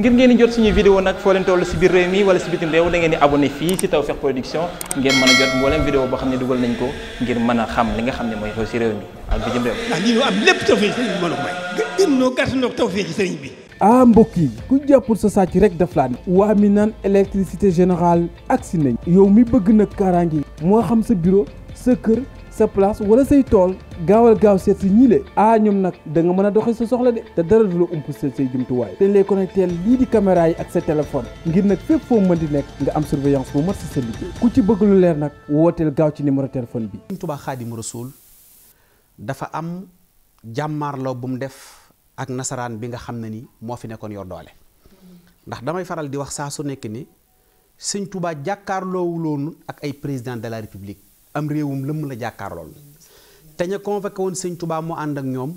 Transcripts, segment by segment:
ngir ngeen di jot suñuy vidéo nag foo leen toll si biir réew mi wala si bitim réew da ngeen di abonné fii si Tawfekh Production a jot ngir mën a xam li nga xam ne mooy xew si réew mi ak bitim réew. ndax lii ñu am bi mën a may. gën noo gàtt noo Tawfekh sëriñ bi. ah mbokk yi ku jàppul sa sàcc rek daf laa ne. waa mi naan électricité générale agsi nañ. yow mi bëgg nag kaaraange moo xam sa bureau sa kër sa place wala say tool gaawal gaaw seet si ñi le ah ñoom nag da nga mën a dox sa soxla de te dara du ump say jumtuwaay te ñu lay connecté lii di caméra ak sa téléphone ngir nag fépp foo mën di nekk nga am surveillance bu mat si sa liggéey ku ci bëgg lu leer nag wooteel gaaw ci numéro téléphone bi. Sëriñ Tuubaa Xaadimu Rasuul dafa am jàmmaarloo bu mu def ak nasaraan bi nga xam ne ni moo fi nekkoon yor doole ndax damay faral di wax saa su nekk nii Sëriñ Tuubaa jàkkaarloowu loonu ak ay président de la république. am réewum lëmm la jàkkaarlool te ña convoqué woon sëñ Touba mu ànd ak ñoom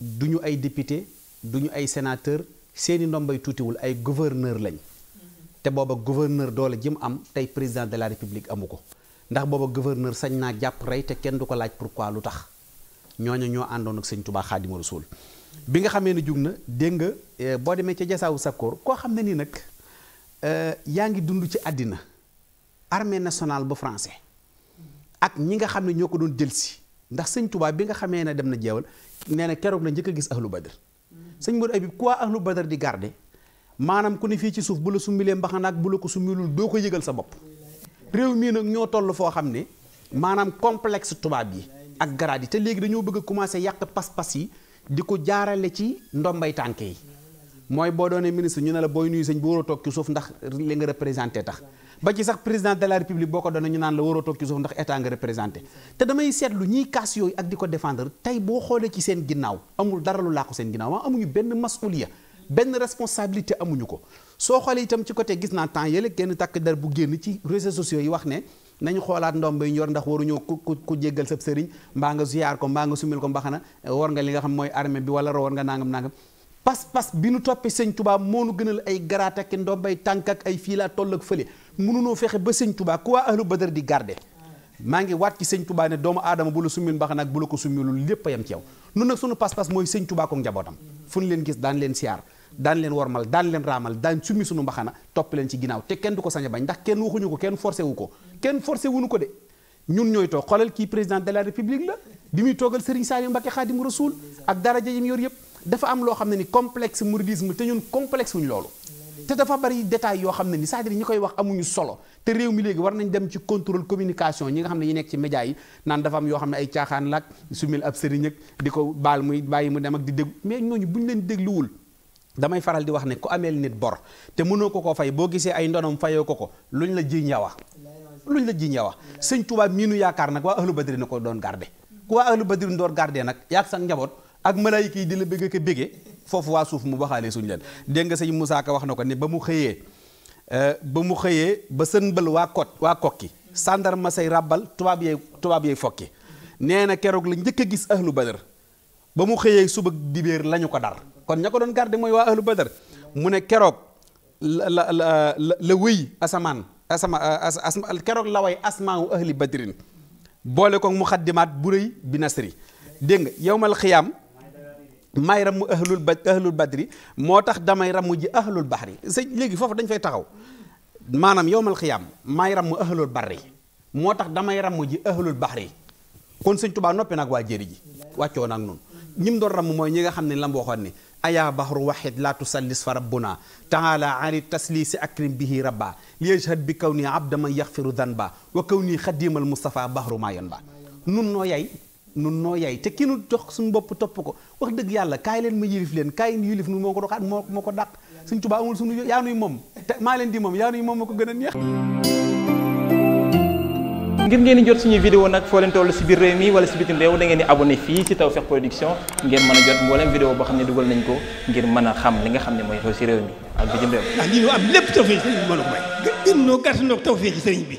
du ñu ay député du ñu ay sénateur seeni ndombay tuutiwul ay gouverneur lañ te booba gouverneur doole ji mu am tey président de la république amu ko ndax booba gouverneur sañ naa jàpp rey te kenn du ko laaj pour pourquoi lu tax ñooñu ñoo àndoon ak sëñ Touba Xaadimu Rasuul bi nga xamee ne jug na dégg nga eh, boo demee ca jasaawu sakkoor koo xam ne ni nag eh, yaa ngi dund ci àddina armée nationale bu français ak ñi nga xam ne ñoo ko doon jël ndax sëñ tubaab bi nga xamee ne dem na jeewal nee na keroog la njëkk a gis ahlu badar sëñ Modou Habib ku waa ahlu badar di garde maanaam ku ne fii ci suuf bu la sumbilee mbaxanaak bu la ko summilul doo ko yëgal sa bopp réew mii nag ñoo toll foo xam ne maanaam complexe tubaab yi ak garaat yi te léegi dañoo bëgg a commencé yàq pas-pas yi di ko jaarale ci ndombay tànk yi mooy boo doonee ministre ñu ne la booy nuyu sëñ bi a toog ci suuf ndax li nga représenté tax ba ci sax président de la république boo ko doon ñu naan la waroo toog ci suuf ndax état nga représenté te damay seetlu ñiy kaas yooyu ak di ko défendre tey boo xoolee ci seen ginnaaw amul dara lu làqu seen ginnaaw maa amuñu benn masuliya benn responsabilité amuñu ko soo xoolee itam ci côté gis naa temps yële kenn takk der bu génn ci réseaux sociaux yi wax ne nañu xoolaat ndomb yi ñu yor ndax waruñoo ku ku ku jéggal sab sëriñ mbaa nga ziyaar ko mbaa ko mbaxana eh, war nga li xam mooy armée bi wala war nga nangam nangam pas-pas bi nu toppee sëñ Tuubaa moo nu gënal ay garaat ak ndombay tànk ak ay fii laa toll ak fële mënunoo fexe ba sëñ tubaa ku waa ahlu badar di garde maa ngi waat ci sëñ tubaa ne doomu aadama bu la summil mbax nag bu la ko summilul lépp a yem ci yow nun nag sunu pas-pas mooy sëñ tubaa ko njabootam fu ñu leen gis daan leen siyaar daan leen wormal daan leen raamal daan summi sunu mbaxana topp leen ci ginnaaw te kenn du ko sañ a bañ ndax kenn waxuñu ko kenn forcé ko kenn forcé wuñu ko de ñun ñooy toog xoolal kii président de la république bi muy toogal Serigne Saliou Mbacké Khadim Rasoul ak daraja yi mu yëpp dafa am loo xam ne ni complexe mouridisme te ñun complexe wuñ loolu te dafa bari détail yoo xam ne ni saa à dire ñi koy wax amuñu solo te réew mi léegi war nañ dem ci contrôle communication ñi nga xam ne ñi nekk ci média yi naan dafa am yoo xam ne ay caaxaan laak sumil ab sëriñ ak di ko baal muy bàyyi mu dem ak di déglu mais ñooñu buñ leen dégluwul damay faral di wax ne ku ameel nit bor te mënoo ko koo fay boo gisee ay ndonom fayoo ko ko lu ñu la jiñ yawa luñ la jiñ yawa sëñ Tuubaa miinu yaakaar nag waa ahlu badri na doon garde ku waa ahlu badri doon garde nag sa njaboot ak malaayika yi di la bëgg ko bëggee foofu waa suuf mu waxaale suñ leen dégg nga sëñ Moussa wax na ko ne ba mu xëyee euh, ba mu xëyee ba sënbal waa kot waa kokki sàndarma say ràbbal tubaab yey tubaab yey fokki nee na keroog la njëkk a gis ahlu badar ba mu xëyee suba dibéer lañu ko dar kon ña ko doon garde mooy waa ahlu badar mu ne keroog la la la wëy asamaan asama keroog la way asmaanu ahli badrin boole ko mu xaddimaat bu rëy bi nasri dégg nga yowmal xiyaam may ram ahlul ba ahlul badri moo tax damay ramu ji ahlul bahri sëñ léegi foofu dañ fay taxaw maanaam yowmal xiyaam may ramu ahlul barri moo tax damay ramu ji ahlul bahri kon sëñ tubaa noppi nag waa jéeri ji wàccoo nag noonu ñim doon ramu mooy ñi nga xam ne lam waxoon ni ayaa bahru waxid la tusallis fa rabbuna taala ani taslisi akrim bihi rabba li yajhad bi kaw nii abdaman yaxfiru danba wa kaw nii xadimal mustapha bahru maayon ba nun noo yay nun noo yay te ki nu jox suñu bopp topp ko wax dëgg yàlla kaay leen ma yilif leen kaay yilif nu moo ko doxaat moo moo ko dàq suñ Tuubaa amul suñu yaa nuy moom te maa leen di moom yaa nuy moom ma ko gën a ngeen jot suñu vidéo nag foo leen toll si biir réew mi wala si bitim réew da ngeen di abonné fii si Tawfekh boo xam ne dugal nañ ko ngir mën a xam li nga xam ne mooy xew si réew mi ak bitim réew. ndax ah, lii